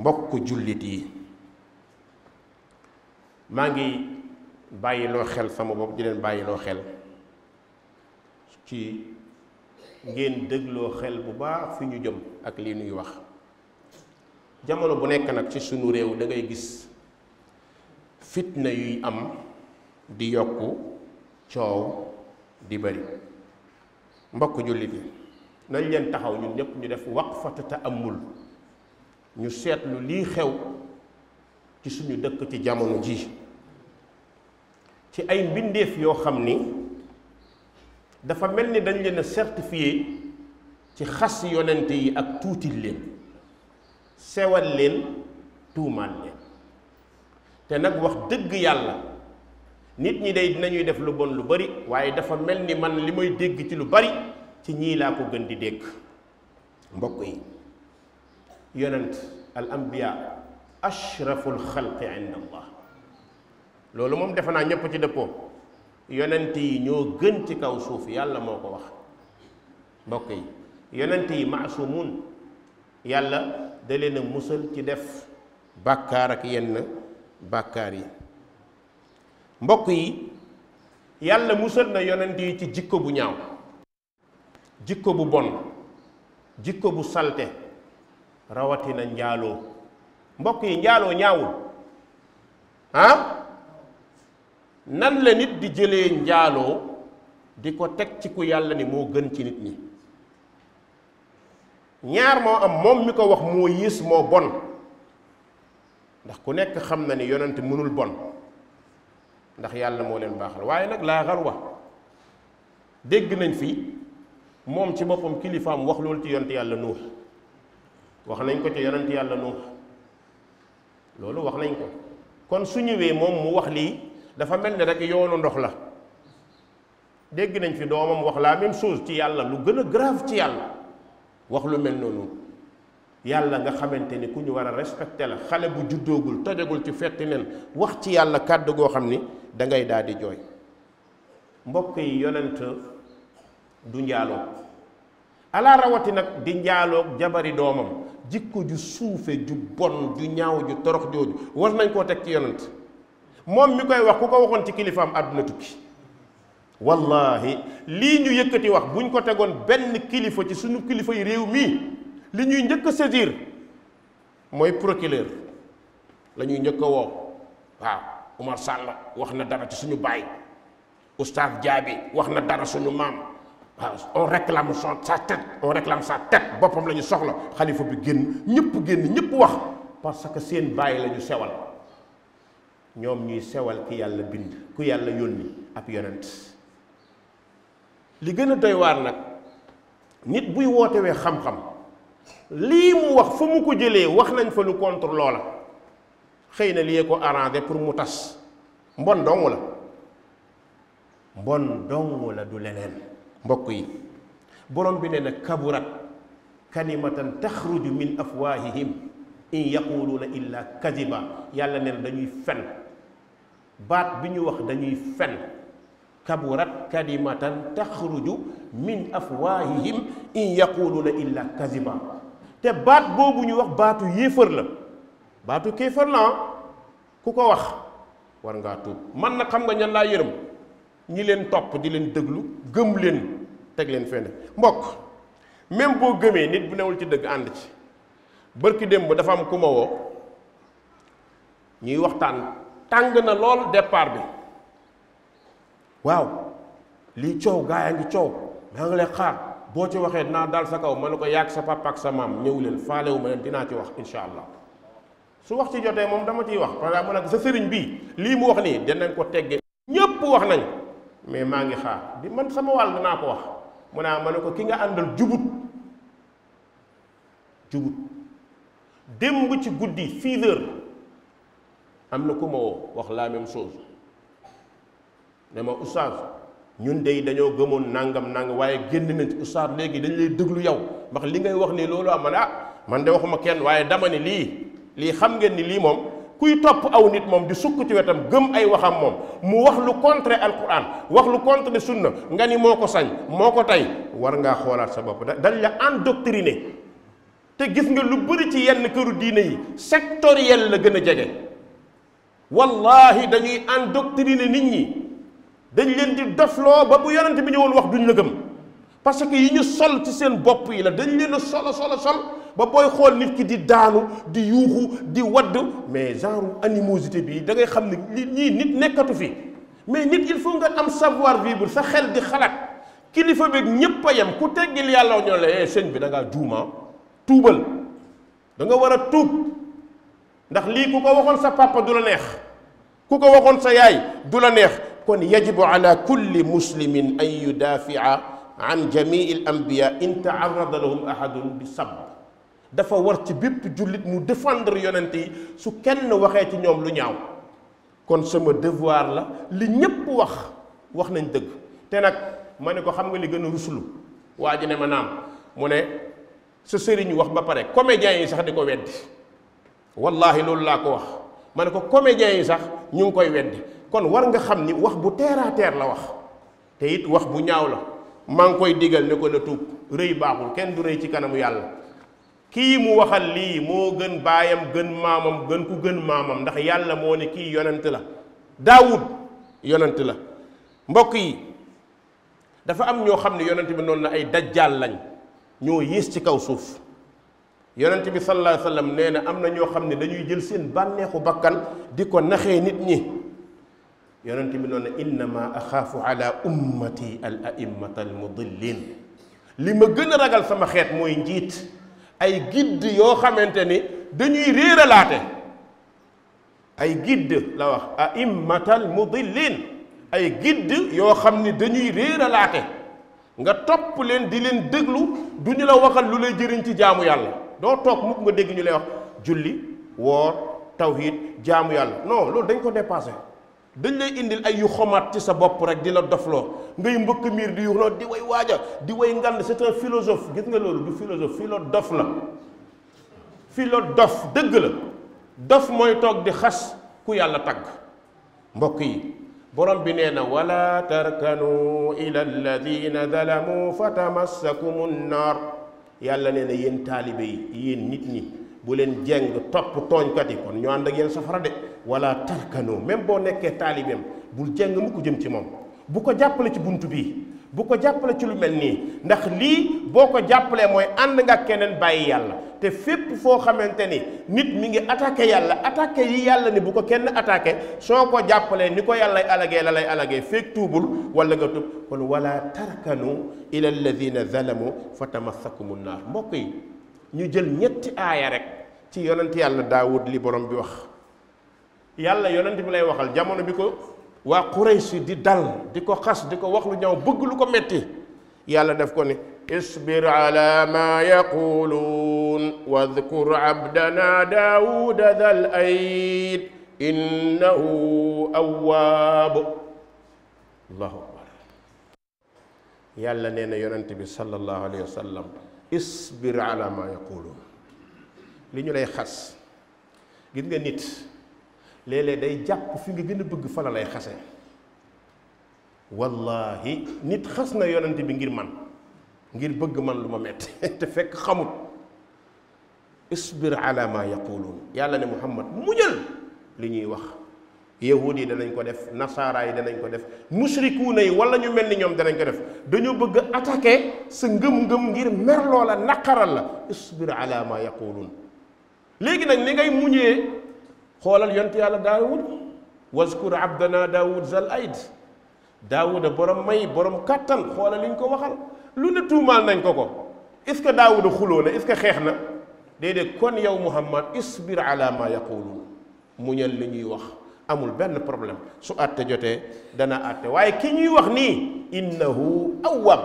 mbokk jullit yi maa ngi bàyyiloo xel sama bopp di leen bàyyiloo xel ci ngeen dégloo xel bu baax fi ñu jëm ak lii nuy wax jamono bu nekk nag ci sunu réew dangay gis fitna yuy am di yokku coow di bari mbokk jullit yi nañ leen taxaw ñun ñëpp ñu def waqfata ta'ammul ñu seetlu lii xew ci suñu dëkk ci jamono jii ci ay mbindeef yoo xam ni dafa mel ni dañ leen a certifié ci xas yonent yi ak tuuti leen sewal leen tuumaal leen te nag wax dëgg yàlla nit ñi day dinañuy def lu bon lu bari waaye dafa mel ni man li may dégg ci lu bari ci ñii laa ko gën di dégg mbokk yi yonent al anbiya ashraful xalqi inda loolu moom defe naa ñépp ci dëppoo yonent yi ñoo gën ci kaw suuf yàlla moo ko wax mbokk yi yonent yi maasumun yàlla da leen musal ci def bàkkaar ak yenn bàkkaar yi mbokk yi yàlla musal na yonent yi ci jikko bu ñaaw jikko bu bon jikko bu salte rawatina njaaloo mbokk yi njaaloo ñaawul ah nan la nit di jëlee njaaloo di ko teg ci ku yàlla ni moo gën ci nit ñi ñaar moo am moom mi ko wax moo yées moo bon ndax ku nekk xam na ni yonent mënul bon ndax yàlla moo leen baaxal waaye nag laa xarwa dégg nañ fi moom ci boppam kilifaam wax loolu ci yonent yàlla nuux wax nañ ko ca yonent yàlla nuux loolu wax nañ ko kon su ñëwee moom mu wax lii dafa mel ni rek yoonu ndox la dégg nañ fi doomam wax laa même chose ci yàlla lu gën a grave ci yàlla wax lu mel noonu yàlla nga xamante ni ku ñu war a respecté la xale bu juddoogul tojagul ci fetti nen wax ci yàlla kàdd goo xam ni dangay ngay daal di jooy mbokk yi yonent du njaaloo ala nag di njaaloog jabari doomam jikko ju suufe ju bon ju ñaaw ju torox jooju war nañ koo teg ci yonent moom mi koy wax ku ko waxoon ci kilifaam àdduna tukki wallahi lii ñu yëkkati wax buñ ko tegoon benn kilifa ci suñu kilifay réew mii li ñuy njëkk a saisir mooy proculeur lañuy njëkk a woo waaw Umar Sall wax na dara ci suñu baay Oustaz Diaby wax na dara suñu maam on réclame son sa tête on réclame sa tête boppam la ñu soxla xalifa bu génn ñëpp génn ñëpp wax parce que seen bàyyi la ñu sewal ñoom ñuy sewal ki yàlla bind ku yàlla yónni ab yonent li gën a doy nag nit buy wootewee xam-xam lii mu wax fa mu ko jëlee wax nañ fa lu contre loola xëy na liyee ko arrangé pour mu tas mbon dong la mbon dong la du leneen mbokk yi borom bi nee na kaburat kalimatan taxruju min afwaahihim in yaquluuna illa kadiba yàlla nee na dañuy fen baat bi ñu wax dañuy fen kaburat kalimatan taxruju min afwaahihim in yaquluuna illa kadiba te baat boobu ñu wax baatu yéefar la baatu kéefar la ku ko wax war ngaa tuub man na xam nga ñan laa yërëm ñi leen topp di leen déglu gëm leen teg leen fenn mbokk même boo gëmee nit bu newul ci dëgg ànd ci bërki démb dafa am ku ma woo ñuy waxtaan tàng na lool départ bi waaw lii coow gaa yaa ngi coow maa ngi lay xaar boo ci waxee naa daal sa kaw ma ne ko yàgg sa papa sa maam ñëw leen faalewu ma leen dinaa ci wax insha allah su wax ci jotee moom dama ciy wax par ma nag sa sëriñ bii lii mu wax nii danañ ko teggee ñépp wax nañ mais maa ngi xaar di man sama wàll danaa ko wax mu naa ah, ma ne ko ki nga àndal jubut jubut démb ci guddi six heures am na ku ma woo wax la même chose dama oustaz ñun dey dañoo gëmoon nangam nangam waaye génn nañ ci oustaz léegi dañ lay déglu yow ndax li ngay wax nii loolu am man ah man de waxuma kenn waaye dama ni lii lii xam ngeen ni lii moom kuy topp aw nit moom di sukk ci wetam gëm ay waxam moom mu wax lu contre alquran wax lu contre sunna nga ni moo ko sañ moo ko tey war ngaa xoolaat sa bopp da dañ la endoctriné te gis nga lu bëri ci yenn këru diine yi sectoriel la gën a jege wallahi dañuy endoctriné nit ñi dañ leen di dofloo ba bu yonent bi ñëwoon wax duñ la gëm parce que yi ñu sol ci seen bopp yi la dañ leen a solo solo sol ba booy xool nit ki di daanu di yuuxu di wadd mais genre animosité bii da ngay xam ne li ñii nit nekkatu fi mais nit il faut nga am savoir vivre sa xel di xalaat kilifa beeg ñëpp a yem ku teggil yàlla ñoo la eh sëñ bi da ngaa juuma ah, tuubal da war a tuub ndax lii ku ko waxoon sa papa du la neex ku ko waxoon sa yaay du la neex kon yajibu ala kulli muslimin an yudafia an jamii al anbiya in taarada lahum ahadun bi sab dafa war ci bépp jullit mu défendre yonent yi su kenn waxee ci ñoom lu ñaaw kon sama devoir la li ñépp wax wax nañ dëgg te nag ma ne ko xam nga li gën a ruslu waa ji ne ma naam mu ne sa sëriñ wax ba pare comédiens yi sax di ko weddi wallahi loolu laa ko wax ma ne ko comédiens yi sax ñu ngi koy weddi kon war nga xam ni wax bu terre la wax te it wax bu ñaaw la maa ngi koy digal ne ko na tuub rëy baaxul kenn du rëy ci kanamu yàlla kii mu waxal lii moo gën baayam gën maamam gën ku gën maamam ndax yàlla moo ne kii yonent la daawud yonent la mbokk yi dafa am ñoo xam ne yonent bi noonu la ay dajjaal lañ ñoo yées ci kaw suuf yonent bi sallallahu alayhi wasallam nee na am na ñoo xam ne dañuy jël seen bànneexu bakkan di ko naxee nit ñi yonent bi noonu ne innama axaafu ala ummati al a'immata al li ma gën a ragal sama xeet mooy njiit ay guide yoo xamante ni dañuy réeralaate ay guide la wax a immatal leen ay guide yoo xam ni dañuy réeralaate nga topp leen di leen déglu du ñu la waxal lu lay jëriñ ci jaamu yàlla doo toog mukk nga dégg ñu lay wax julli woor tawhid jaamu yàlla non loolu dañ ko dépassé dañ lay indil ay yu xomaat ci sa bopp rek di la dofloo ngay mbëkk miir di yuxloo di way waaja di way ngand c'est un philosophe gis nga loolu du philosophe philo dof la philo dof dëgg la dof mooy toog di xas ku yàlla tagg mbokk yi borom bi nee na wala tarkanu ila alladina zalamu fa tamassakumu nnaar yàlla nee na yéen taalibe yi yéen nit ñi bu leen jeng topp tooñkat yi kon ñu ànd ak yéen safara de wala tarkanoo même boo nekkee taalibeem bul jàng mu ko jëm ci moom bu ko jàppale ci bunt bi bu ko jàppale ci lu mel nii ndax lii boo ko jàppalee mooy ànd nga keneen bàyyi yàlla te fépp foo xamante ni nit mi ngi attaqué yàlla attaqué yi yàlla ni bu ko kenn attaqué soo ko jàppalee ni ko yàllay alagee la lay alagee feeg tuubul wala nga tub kon wala tarkanu ila alladina zalamu fa tamassakumu naar mbokk yi ñu jël ñetti aaya rek ci yonent yàlla daawud li borom bi wax yàlla yonent bi lay waxal jamono bi ko waa Quraysh di dal di ko xas di ko wax lu ñaaw bëgg lu ko metti yàlla def ko ni isbir ala ma yaquluun wadkur abdana daawuda yàlla nee na yonent bi sallallahu alayhi wa sallam isbir ala ma yaquluun li ñu lay xas gis nga nit léeg-léeg day jàpp fi nga gën a bëgg fa la lay xase wallahi nit xas na yonante bi ngir man ngir bëgg man lu ma metti te fekk xamut isbir ala ma yaquluun yàlla ne muhammad muñal li ñuy wax yahud yi danañ ko def nasaara yi danañ ko def musrikuuna yi wala ñu mel ni ñoom danañ ko def dañoo bëgg attaqué sa ngëm-ngëm ngir merloo la naqaral la isbir ala ma yaquluun léegi nag ni ngay muñee xoolal yont yàlla daawud waskur abdana daawud zal ayd daawuda borom may borom kàttan xoolal li ñu ko waxal lu ne tuumaal nañ ko ko est-ce que daawuda xuloo na est-ce que xeex na déedéet kon yow muhammad isbir ala ma yaquluun muñal li ñuy wax amul benn problème su àtte jotee dana àtte waaye ki ñuy wax nii innahu awwaab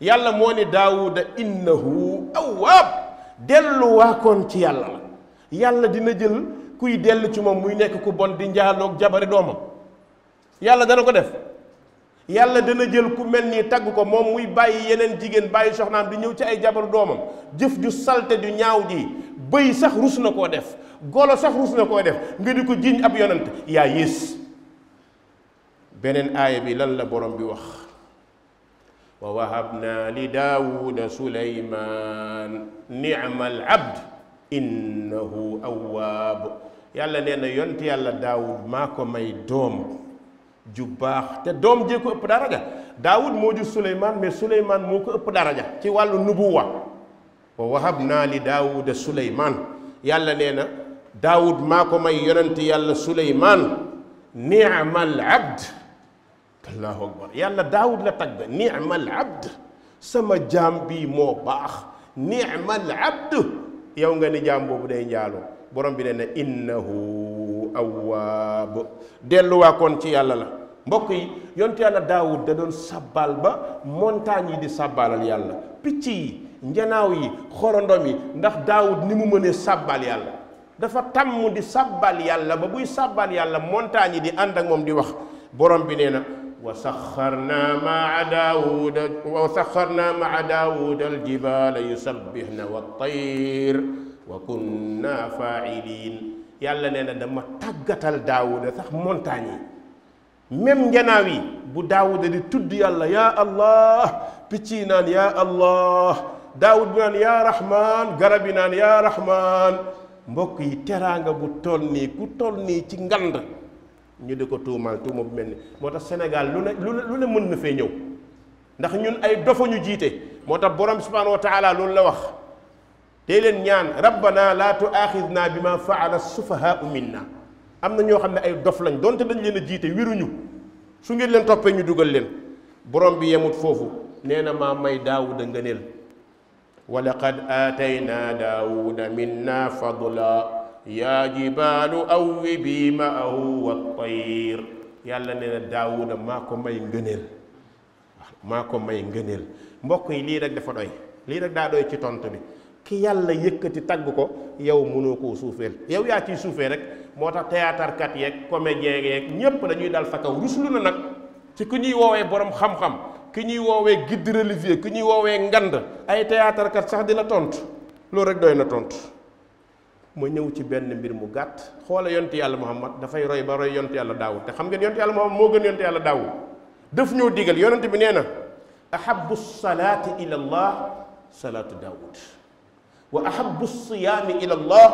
yàlla moo ni daawuda innahu awwaab delluwaakoon ci yàlla la yàlla dina jël kuy dell ci moom muy nekk ku bon di njaaloog jabari doomam yàlla dana ko def yàlla dana jël ku mel nii tagg ko moom muy bàyyi yeneen jigéen bàyyi soxnaam di ñëw ci ay jabaru doomam jëf ju salte ju ñaaw ji bëy sax rus na koo def golo sax rus na koo def nga di ko jiiñ ab yonent yaa yées beneen aaya bi lan la borom bi wax wa wahabna li daawuda suleyman ni'mal abd innahu awwaab yàlla nee na yont yàlla daawud maa ko may doom ju baax te doom jee ko ëpp daraja daawud moo ju suleymaan mais suleymaan moo ko ëpp daraja ci wàllu nubuwa wa wahab naa li daawuda suleymaan yàlla nee na daawud maa ko may yonent yàlla suleymaan ni'mal abd allahu akbar yàlla daawud la tagg ni'mal abd sama jaam bii moo baax ni'mal abd yow nga ni jaam boobu day njaaloo borom bi nee na innahu awwaab delluwaa koon ci yàlla la mbokk yi yontu yàlla daawud da doon sabbal ba montagne yi di sabbalal yàlla picc yi njanaaw yi xorondom yi ndax daawud ni mu mënee sabbal yàlla dafa tàmm di sabbal yàlla ba buy sabbal yàlla montagne yi di ànd ak moom di wax borom bi nee na wa saxarna maa daawuda wa saxarna maa daawuda al jibaala yusabbihna wa tayr wa kunna faailiin yàlla nee na dama tàggatal daawuda sax montagne yi même njanaaw yi bu daawuda di tudd yàlla ya allah picc yi naan yaa allah daawud bi naan yaa rahman garab yi naan yaa rahman mbokk yi teraanga bu toll nii ku toll nii ci ngand ñu di ko tuumaal tuuma bu mel ni moo tax Sénégal lu ne lu ne lu ne mën na fee ñëw ndax ñun ay dofa ñu jiite moo tax borom subhaanahu wa loolu la wax dee leen ñaan rabbana laa tuaaxidna bi ma faala sufahaau minna am na ñoo xam ne ay dof lañ donte dañ leen a jiite wéruñu su ngeen leen toppee ñu dugal leen borom bi yemut foofu nee na maa may daawuda ngëneel wa laqad aataynaa daawuda minna fadla yaa jibaalu awwibii maahu wa tayr yàlla nee na daawuda maa ko may ngëneel maa ko may ngëneel mbokk yi lii rek dafa doy lii rek daa doy ci tontu bi ki yàlla yëkkati tagg ko yow mënoo koo suufeel yow yaa ciy suufee rek moo tax théâtre kat yeeg comédien yeeg ñépp dañuy daal sa kaw ruslu na nag ci ku ñuy woowee borom xam-xam ki ñuy woowee guide religieux ki ñuy woowee ngand ay théâtre sax dina la tontu loolu rek doy na tontu ma ñëw ci benn mbir mu gàtt xoola yont yàlla muhammad dafay roy ba roy yonti yàlla daawud te xam ngeen yonti yàlla muhammad moo gën yonti yàlla daawud daf ñoo digal yonent bi nee na ahabu salaati ila salaatu daawud wa ahabu siyaami ila allah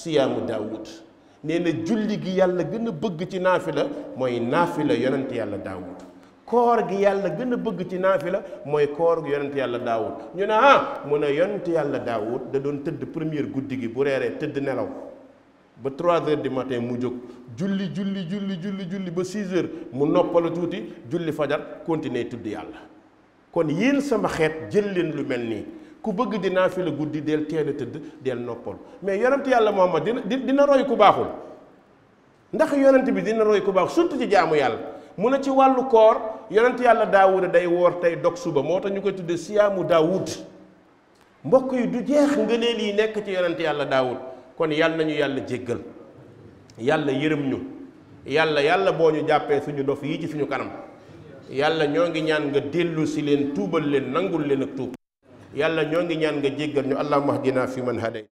siyaamu daawud nee na julli gi yàlla gën a bëgg ci naafila mooy la yonent yàlla daawud koor gi yàlla gën a bëgg ci la mooy koor gi yonent yàlla daawud ñu ne ah mu ne yonent yàlla daawut da doon tëdd première guddi gi bu reeree tëdd nelaw ba trois heures du matin mu jóg julli julli julli julli julli ba 6 heures mu noppalu tuuti julli fajar continuer tudd yàlla kon yéen sama xeet jël leen lu mel nii ku bëgg dinaa di naafila guddi del teel a tëdd del noppal mais yonent yàlla Muhammad dina dina roy ku baaxul ndax yonent bi dina roy ku baax surtout ci jaamu yàlla mu ne ci wàllu koor yonent yàlla daawuda day woor tey dog suba moo tax ñu koy tuddee siyaamu daawud mbokk yi du jeex ngëneel yi nekk ci yonent yàlla daawud kon yàlla nañu yàlla jéggal yàlla yërëm ñu yàlla yàlla boo ñu jàppee suñu dof yi ci suñu kanam yàlla ñoo ngi ñaan nga dellu si leen tuubal leen nangul leen ak tuub yàlla ñoo ngi ñaan nga jéggal ñu allahumma ahdina fi man hadayt